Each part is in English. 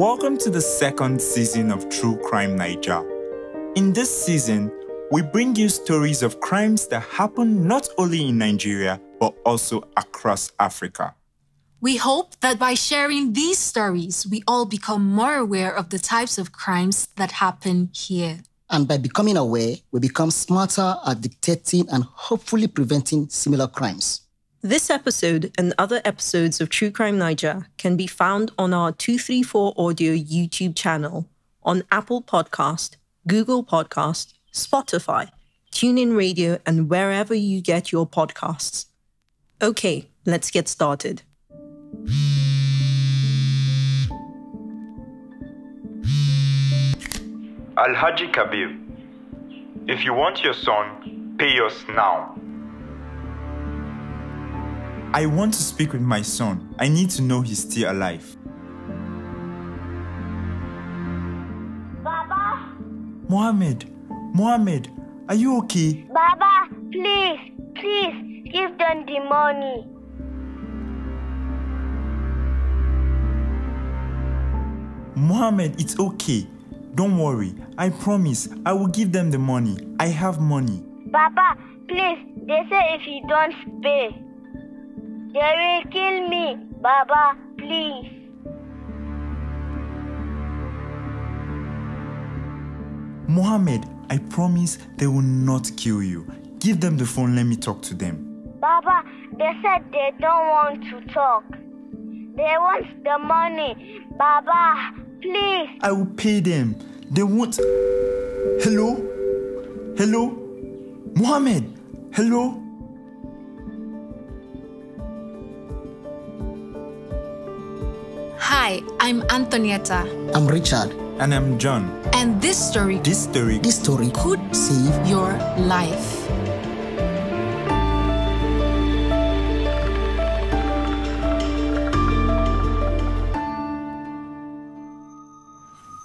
Welcome to the second season of True Crime Niger. In this season, we bring you stories of crimes that happen not only in Nigeria, but also across Africa. We hope that by sharing these stories, we all become more aware of the types of crimes that happen here. And by becoming aware, we become smarter at detecting and hopefully preventing similar crimes. This episode and other episodes of True Crime Niger can be found on our 234 Audio YouTube channel, on Apple Podcast, Google Podcast, Spotify, TuneIn Radio, and wherever you get your podcasts. Okay, let's get started. Alhaji Kabir, if you want your son, pay us now. I want to speak with my son. I need to know he's still alive. Baba! Mohammed! Mohammed, are you okay? Baba, please, please, give them the money. Mohammed, it's okay. Don't worry. I promise I will give them the money. I have money. Baba, please, they say if you don't pay, they will kill me, Baba, please. Mohammed, I promise they will not kill you. Give them the phone, let me talk to them. Baba, they said they don't want to talk. They want the money. Baba, please. I will pay them. They want. Hello? Hello? Mohammed? Hello? Hi, I'm Antonietta. I'm Richard. And I'm John. And this story, this story, this story could save your life.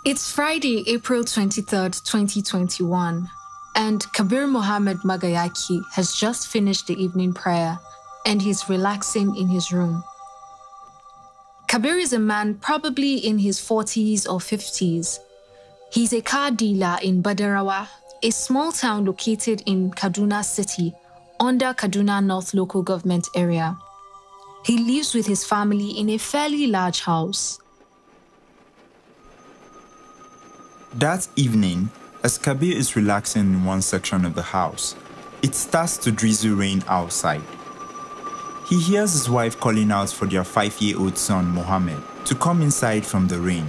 It's Friday, April 23rd, 2021, and Kabir Mohammed Magayaki has just finished the evening prayer and he's relaxing in his room. Kabir is a man probably in his 40s or 50s. He's a car dealer in Badarawa, a small town located in Kaduna City, under Kaduna North local government area. He lives with his family in a fairly large house. That evening, as Kabir is relaxing in one section of the house, it starts to drizzle rain outside. He hears his wife calling out for their five year old son, Mohammed, to come inside from the rain.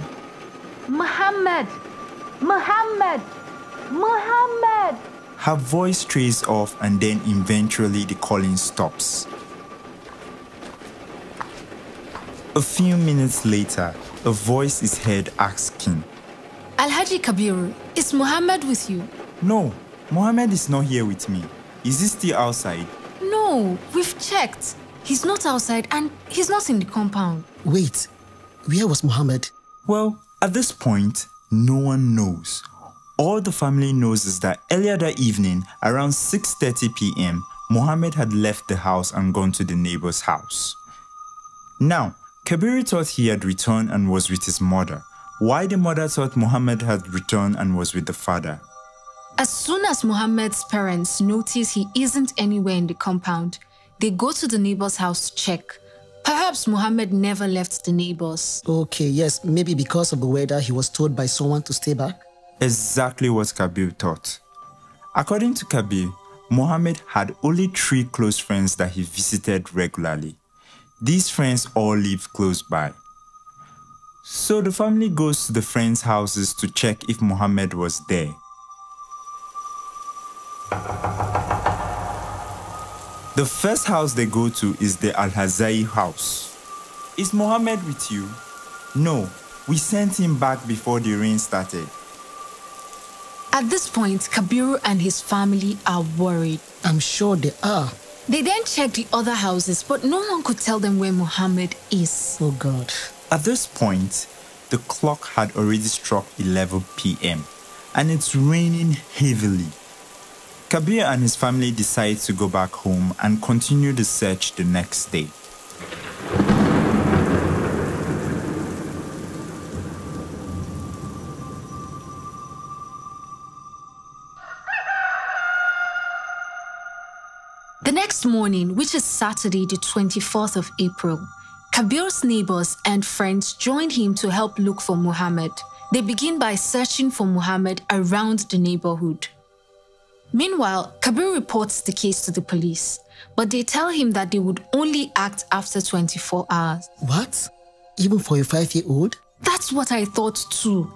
Mohammed! Mohammed! Mohammed! Her voice trails off and then eventually the calling stops. A few minutes later, a voice is heard asking, Alhaji Kabiru, is Mohammed with you? No, Mohammed is not here with me. Is he still outside? No, we've checked. He's not outside and he's not in the compound. Wait, where was Mohammed? Well, at this point, no one knows. All the family knows is that earlier that evening, around 6.30 p.m., Mohammed had left the house and gone to the neighbor's house. Now, Kabiri thought he had returned and was with his mother. Why the mother thought Mohammed had returned and was with the father? As soon as Mohammed's parents notice he isn't anywhere in the compound, they go to the neighbor's house to check. Perhaps Muhammad never left the neighbors. Okay, yes, maybe because of the weather, he was told by someone to stay back. Exactly what Kabir thought. According to Kabir, Muhammad had only three close friends that he visited regularly. These friends all live close by. So the family goes to the friends' houses to check if Muhammad was there. The first house they go to is the Al Hazai house. Is Mohammed with you? No, we sent him back before the rain started. At this point, Kabiru and his family are worried. I'm sure they are. They then check the other houses, but no one could tell them where Mohammed is. Oh God. At this point, the clock had already struck 11 p.m. and it's raining heavily. Kabir and his family decide to go back home and continue the search the next day. The next morning, which is Saturday, the 24th of April, Kabir's neighbors and friends join him to help look for Muhammad. They begin by searching for Muhammad around the neighborhood. Meanwhile, Kabir reports the case to the police, but they tell him that they would only act after 24 hours. What? Even for a five year old? That's what I thought too.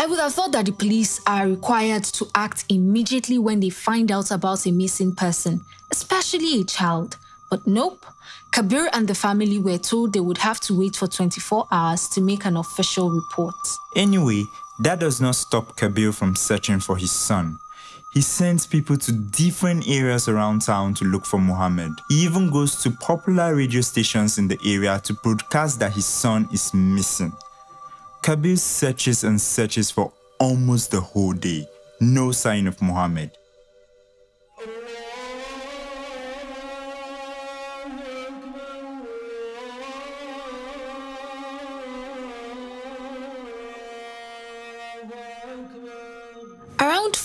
I would have thought that the police are required to act immediately when they find out about a missing person, especially a child. But nope. Kabir and the family were told they would have to wait for 24 hours to make an official report. Anyway, that does not stop Kabir from searching for his son. He sends people to different areas around town to look for Muhammad. He even goes to popular radio stations in the area to broadcast that his son is missing. Kabir searches and searches for almost the whole day. No sign of Muhammad.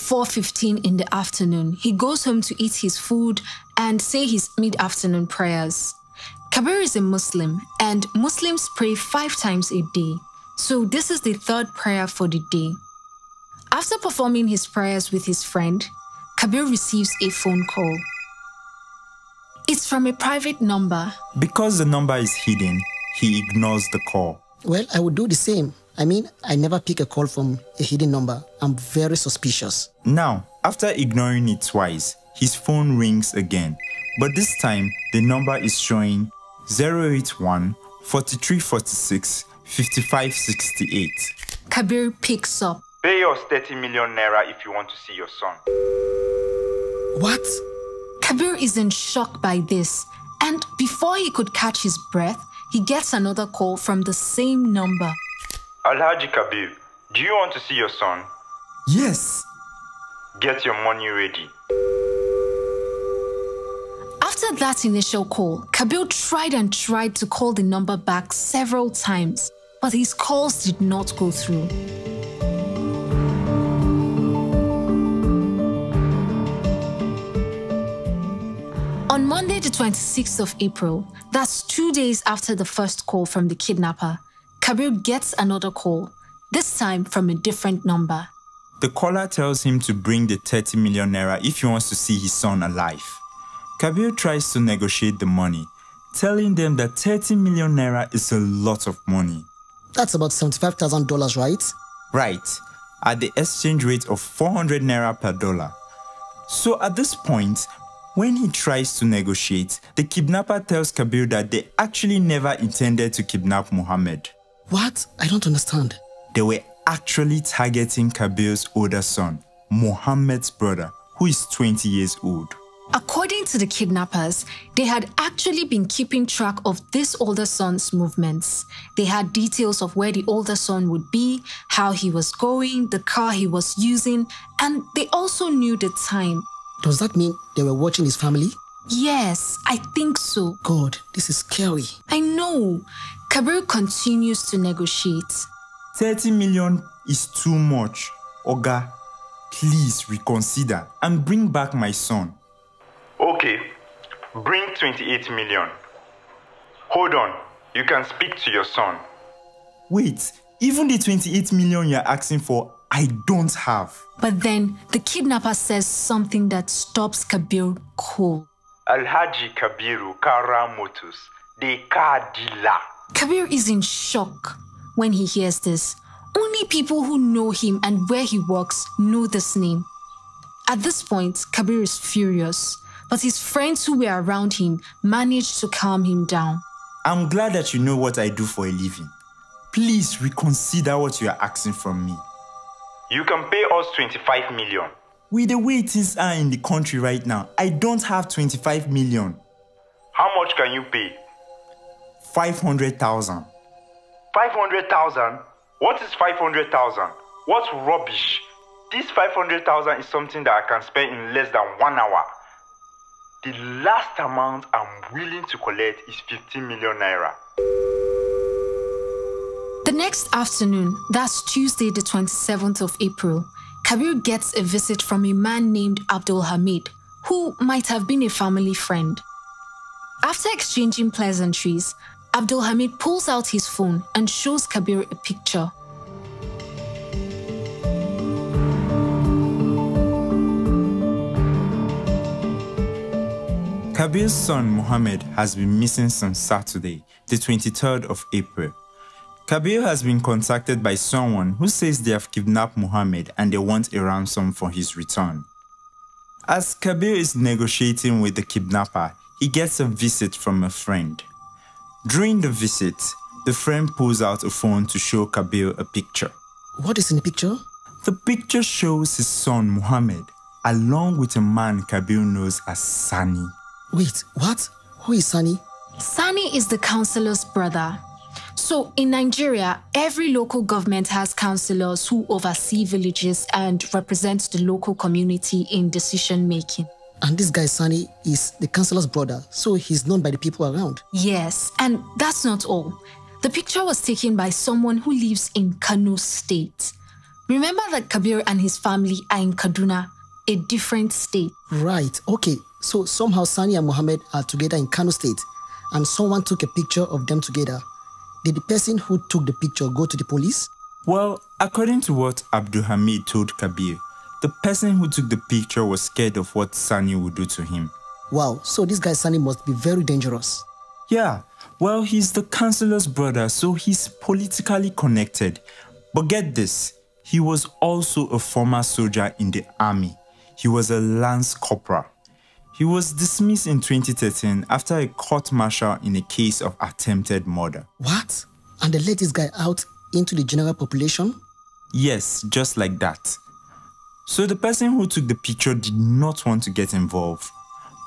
4:15 in the afternoon. He goes home to eat his food and say his mid-afternoon prayers. Kabir is a Muslim and Muslims pray 5 times a day. So this is the third prayer for the day. After performing his prayers with his friend, Kabir receives a phone call. It's from a private number. Because the number is hidden, he ignores the call. Well, I would do the same. I mean, I never pick a call from a hidden number. I'm very suspicious. Now, after ignoring it twice, his phone rings again. But this time, the number is showing 081 4346 5568. Kabir picks up. Pay us 30 million naira if you want to see your son. What? Kabir is in shock by this. And before he could catch his breath, he gets another call from the same number. Alhaji Kabir, do you want to see your son? Yes. Get your money ready. After that initial call, Kabir tried and tried to call the number back several times, but his calls did not go through. On Monday, the 26th of April, that's two days after the first call from the kidnapper, Kabir gets another call, this time from a different number. The caller tells him to bring the 30 million naira if he wants to see his son alive. Kabir tries to negotiate the money, telling them that 30 million naira is a lot of money. That's about $75,000, right? Right, at the exchange rate of 400 naira per dollar. So at this point, when he tries to negotiate, the kidnapper tells Kabir that they actually never intended to kidnap Muhammad. What? I don't understand. They were actually targeting Kabir's older son, Mohammed's brother, who is 20 years old. According to the kidnappers, they had actually been keeping track of this older son's movements. They had details of where the older son would be, how he was going, the car he was using, and they also knew the time. Does that mean they were watching his family? Yes, I think so. God, this is scary. I know. Kabiru continues to negotiate. 30 million is too much. Oga, please reconsider and bring back my son. Okay, bring 28 million. Hold on, you can speak to your son. Wait, even the 28 million you're asking for, I don't have. But then the kidnapper says something that stops Kabir cold. Alhaji Kabiru Karamotus, the car dealer. Kabir is in shock when he hears this. Only people who know him and where he works know this name. At this point, Kabir is furious, but his friends who were around him managed to calm him down. I'm glad that you know what I do for a living. Please reconsider what you are asking from me. You can pay us 25 million. With the way things are in the country right now, I don't have 25 million. How much can you pay? 500,000. 500,000? What is 500,000? What rubbish? This 500,000 is something that I can spend in less than one hour. The last amount I'm willing to collect is 15 million naira. The next afternoon, that's Tuesday, the 27th of April, Kabir gets a visit from a man named Abdul Hamid, who might have been a family friend. After exchanging pleasantries, Abdul Hamid pulls out his phone and shows Kabir a picture. Kabir's son Mohammed has been missing since Saturday, the 23rd of April. Kabir has been contacted by someone who says they have kidnapped Mohammed and they want a ransom for his return. As Kabir is negotiating with the kidnapper, he gets a visit from a friend. During the visit, the friend pulls out a phone to show Kabir a picture. What is in the picture? The picture shows his son Muhammad along with a man Kabir knows as Sani. Wait, what? Who is Sani? Sani is the councillor's brother. So in Nigeria, every local government has councillors who oversee villages and represent the local community in decision making. And this guy, Sani, is the councillor's brother, so he's known by the people around. Yes, and that's not all. The picture was taken by someone who lives in Kano State. Remember that Kabir and his family are in Kaduna, a different state. Right, okay. So somehow Sani and Mohammed are together in Kano State, and someone took a picture of them together. Did the person who took the picture go to the police? Well, according to what Abdul Hamid told Kabir, the person who took the picture was scared of what Sani would do to him. Wow, so this guy Sani must be very dangerous. Yeah, well, he's the councilor's brother, so he's politically connected. But get this, he was also a former soldier in the army. He was a lance corporal. He was dismissed in 2013 after a court martial in a case of attempted murder. What? And they let this guy out into the general population? Yes, just like that. So the person who took the picture did not want to get involved,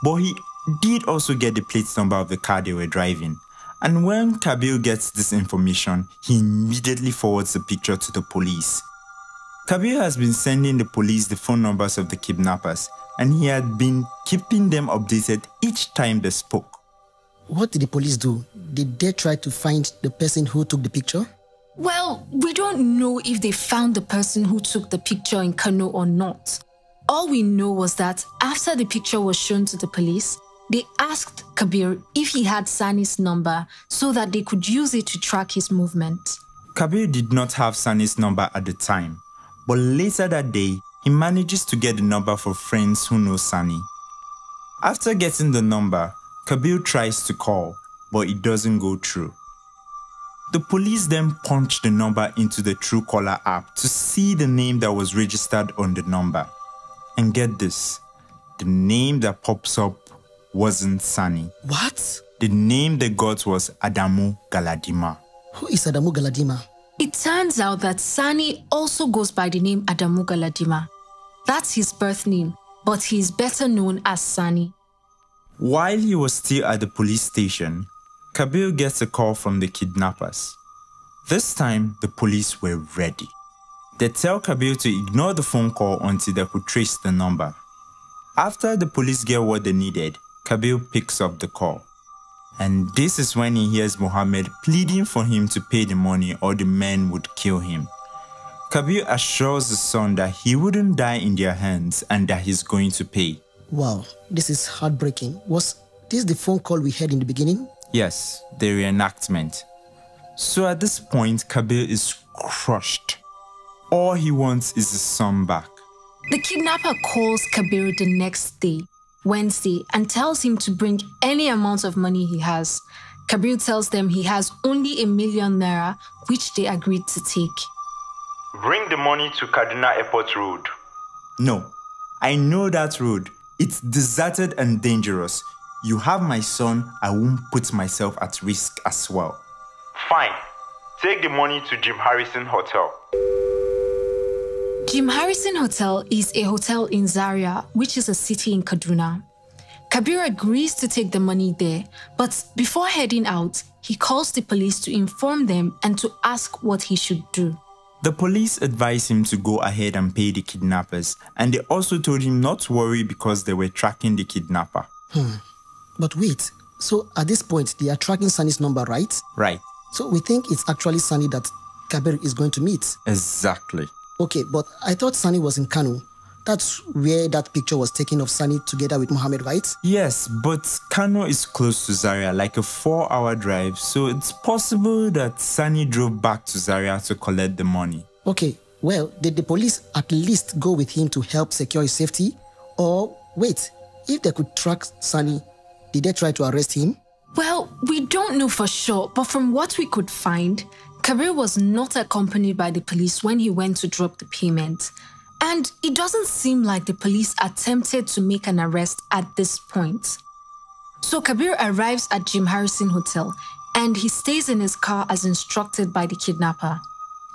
but he did also get the plate number of the car they were driving. And when Kabil gets this information, he immediately forwards the picture to the police. Kabil has been sending the police the phone numbers of the kidnappers, and he had been keeping them updated each time they spoke. What did the police do? Did they try to find the person who took the picture? Well, we don't know if they found the person who took the picture in Kano or not. All we know was that after the picture was shown to the police, they asked Kabir if he had Sani's number so that they could use it to track his movement. Kabir did not have Sani's number at the time, but later that day, he manages to get the number for friends who know Sani. After getting the number, Kabir tries to call, but it doesn't go through. The police then punched the number into the Truecaller app to see the name that was registered on the number. And get this, the name that pops up wasn't Sunny. What? The name they got was Adamu Galadima. Who is Adamu Galadima? It turns out that Sunny also goes by the name Adamu Galadima. That's his birth name, but he is better known as Sunny. While he was still at the police station, Kabir gets a call from the kidnappers. This time, the police were ready. They tell Kabir to ignore the phone call until they could trace the number. After the police get what they needed, Kabir picks up the call. And this is when he hears Mohammed pleading for him to pay the money or the men would kill him. Kabir assures his son that he wouldn't die in their hands and that he's going to pay. Wow, this is heartbreaking. Was this the phone call we had in the beginning? Yes, the reenactment. So at this point, Kabir is crushed. All he wants is his son back. The kidnapper calls Kabir the next day, Wednesday, and tells him to bring any amount of money he has. Kabir tells them he has only a million naira, which they agreed to take. Bring the money to Kaduna Airport Road. No, I know that road. It's deserted and dangerous. You have my son, I won't put myself at risk as well. Fine. Take the money to Jim Harrison Hotel. Jim Harrison Hotel is a hotel in Zaria, which is a city in Kaduna. Kabir agrees to take the money there, but before heading out, he calls the police to inform them and to ask what he should do. The police advise him to go ahead and pay the kidnappers, and they also told him not to worry because they were tracking the kidnapper. Hmm. But wait, so at this point, they are tracking Sunny's number, right? Right. So we think it's actually Sunny that Kabir is going to meet. Exactly. Okay, but I thought Sunny was in Kanu. That's where that picture was taken of Sunny together with Mohammed, right? Yes, but Kano is close to Zaria, like a four hour drive, so it's possible that Sunny drove back to Zaria to collect the money. Okay, well, did the police at least go with him to help secure his safety? Or wait, if they could track Sunny, did they try to arrest him? Well, we don't know for sure, but from what we could find, Kabir was not accompanied by the police when he went to drop the payment. And it doesn't seem like the police attempted to make an arrest at this point. So Kabir arrives at Jim Harrison Hotel and he stays in his car as instructed by the kidnapper.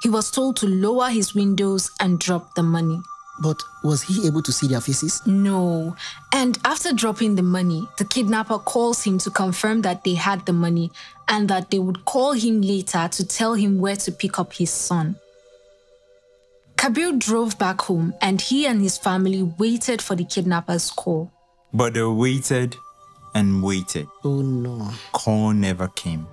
He was told to lower his windows and drop the money. But was he able to see their faces? No. And after dropping the money, the kidnapper calls him to confirm that they had the money and that they would call him later to tell him where to pick up his son. Kabir drove back home and he and his family waited for the kidnapper's call. But they waited and waited. Oh no. Call never came.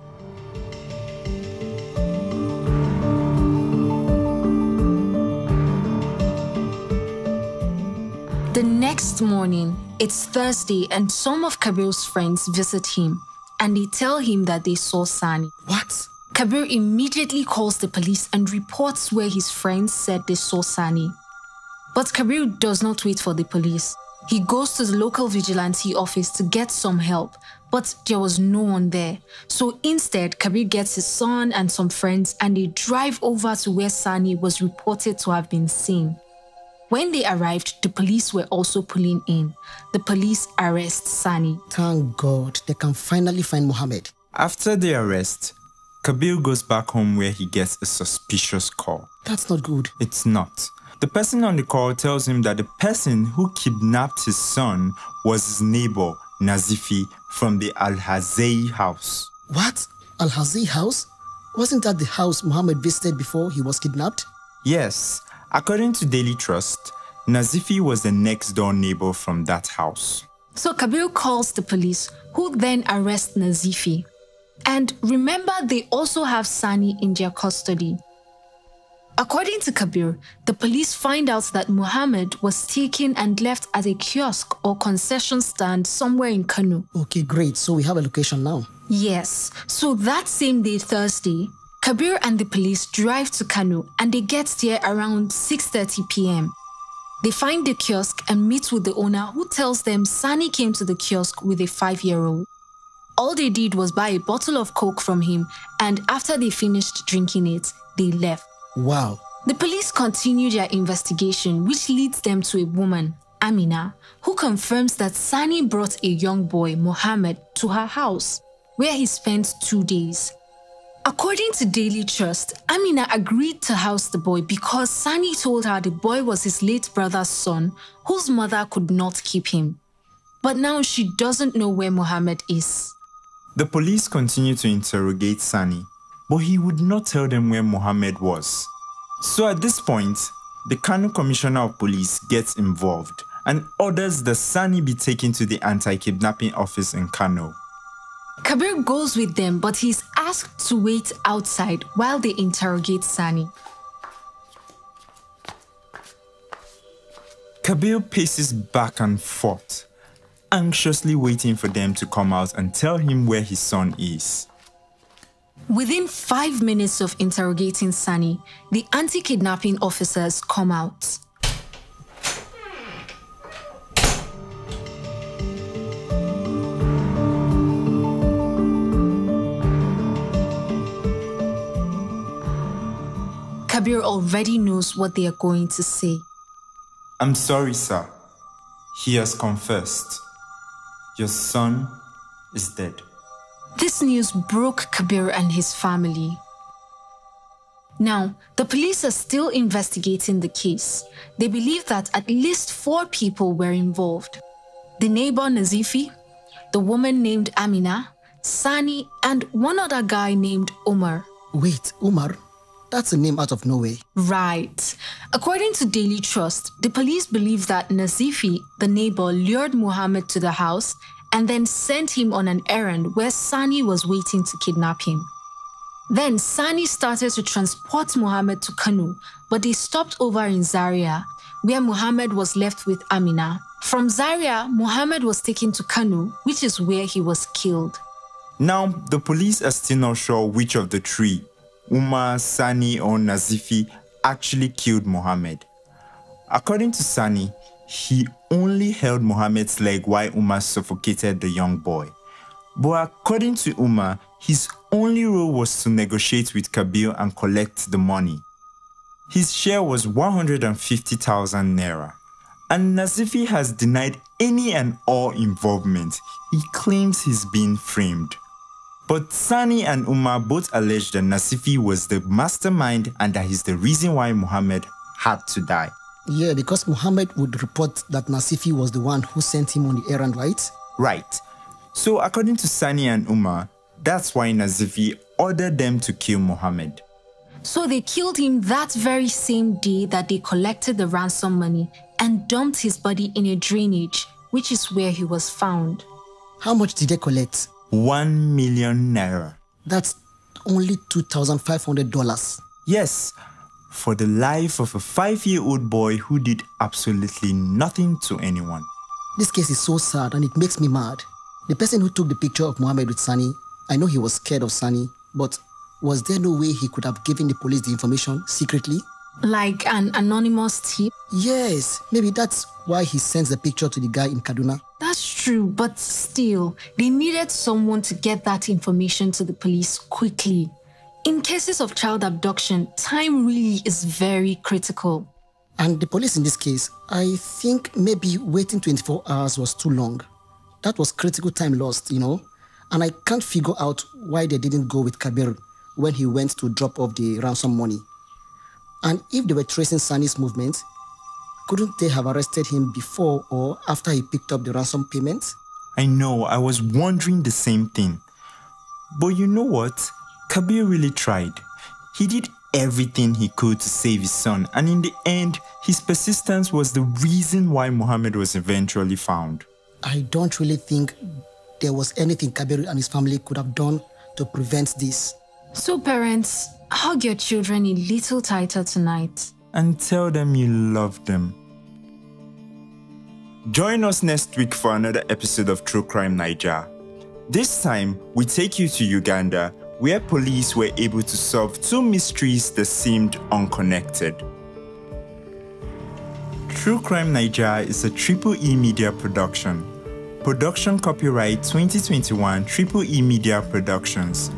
morning, it's Thursday, and some of Kabir's friends visit him and they tell him that they saw Sani. What? Kabir immediately calls the police and reports where his friends said they saw Sani. But Kabir does not wait for the police. He goes to the local vigilante office to get some help, but there was no one there. So instead, Kabir gets his son and some friends and they drive over to where Sani was reported to have been seen. When they arrived, the police were also pulling in. The police arrest Sani. Thank God they can finally find Mohammed. After the arrest, Kabir goes back home where he gets a suspicious call. That's not good. It's not. The person on the call tells him that the person who kidnapped his son was his neighbor, Nazifi, from the Al Hazei house. What? Al Hazei house? Wasn't that the house Muhammad visited before he was kidnapped? Yes, According to Daily Trust, Nazifi was the next door neighbor from that house. So Kabir calls the police, who then arrest Nazifi. And remember, they also have Sani in their custody. According to Kabir, the police find out that Muhammad was taken and left at a kiosk or concession stand somewhere in Kanu. Okay, great. So we have a location now. Yes. So that same day, Thursday, Kabir and the police drive to Kano and they get there around 6.30 p.m. They find the kiosk and meet with the owner who tells them Sani came to the kiosk with a five-year-old. All they did was buy a bottle of coke from him and after they finished drinking it, they left. Wow. The police continue their investigation which leads them to a woman, Amina, who confirms that Sani brought a young boy, Mohammed, to her house where he spent two days. According to Daily Trust, Amina agreed to house the boy because Sani told her the boy was his late brother's son, whose mother could not keep him. But now she doesn't know where Mohammed is. The police continued to interrogate Sani, but he would not tell them where Mohammed was. So at this point, the Kano Commissioner of Police gets involved and orders that Sani be taken to the anti-kidnapping office in Kano. Kabir goes with them, but he's asked to wait outside while they interrogate Sani. Kabir paces back and forth, anxiously waiting for them to come out and tell him where his son is. Within five minutes of interrogating Sani, the anti-kidnapping officers come out. Kabir already knows what they are going to say. I'm sorry, sir. He has confessed. Your son is dead. This news broke Kabir and his family. Now, the police are still investigating the case. They believe that at least four people were involved the neighbor Nazifi, the woman named Amina, Sani, and one other guy named Omar. Wait, Omar? That's a name out of nowhere. Right. According to Daily Trust, the police believe that Nazifi, the neighbor, lured Muhammad to the house and then sent him on an errand where Sani was waiting to kidnap him. Then Sani started to transport Muhammad to Kanu, but they stopped over in Zaria, where Muhammad was left with Amina. From Zaria, Muhammad was taken to Kanu, which is where he was killed. Now, the police are still not sure which of the three Umar, Sani, or Nazifi actually killed Muhammad. According to Sani, he only held Muhammad's leg while Umar suffocated the young boy. But according to Umar, his only role was to negotiate with Kabil and collect the money. His share was 150,000 naira. And Nazifi has denied any and all involvement. He claims he's been framed. But Sani and Umar both allege that Nasifi was the mastermind and that he's the reason why Muhammad had to die. Yeah, because Muhammad would report that Nasifi was the one who sent him on the errand, right? Right. So according to Sani and Umar, that's why Nasifi ordered them to kill Muhammad. So they killed him that very same day that they collected the ransom money and dumped his body in a drainage, which is where he was found. How much did they collect? 1 million naira. That's only $2,500. Yes, for the life of a five year old boy who did absolutely nothing to anyone. This case is so sad and it makes me mad. The person who took the picture of Mohammed with Sani, I know he was scared of Sani, but was there no way he could have given the police the information secretly? Like an anonymous tip? Yes, maybe that's why he sends the picture to the guy in Kaduna. That's true, but still, they needed someone to get that information to the police quickly. In cases of child abduction, time really is very critical. And the police in this case, I think maybe waiting 24 hours was too long. That was critical time lost, you know? And I can't figure out why they didn't go with Kabir when he went to drop off the ransom money. And if they were tracing Sunny's movements, couldn't they have arrested him before or after he picked up the ransom payment? I know, I was wondering the same thing. But you know what? Kabir really tried. He did everything he could to save his son, and in the end, his persistence was the reason why Muhammad was eventually found. I don't really think there was anything Kabir and his family could have done to prevent this. So, parents, hug your children a little tighter tonight and tell them you love them. Join us next week for another episode of True Crime Niger. This time, we take you to Uganda, where police were able to solve two mysteries that seemed unconnected. True Crime Niger is a Triple E Media production. Production copyright 2021 Triple E Media Productions.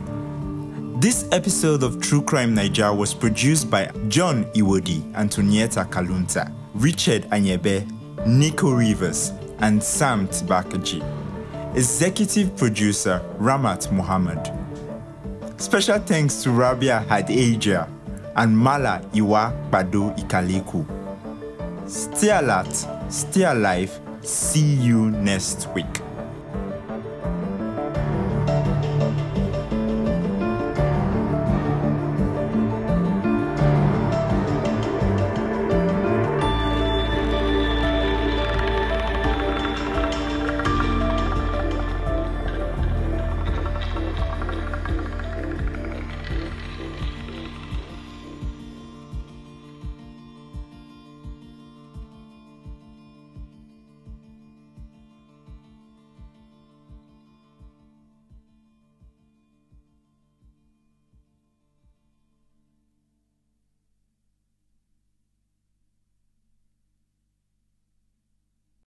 This episode of True Crime Niger was produced by John Iwodi, Antonieta Kalunta, Richard Anyebe, Nico Rivers, and Sam Tibakaji. Executive producer Ramat Muhammad. Special thanks to Rabia Hadeja and Mala Iwa Badu Ikaleku. Stay alert, stay alive, see you next week.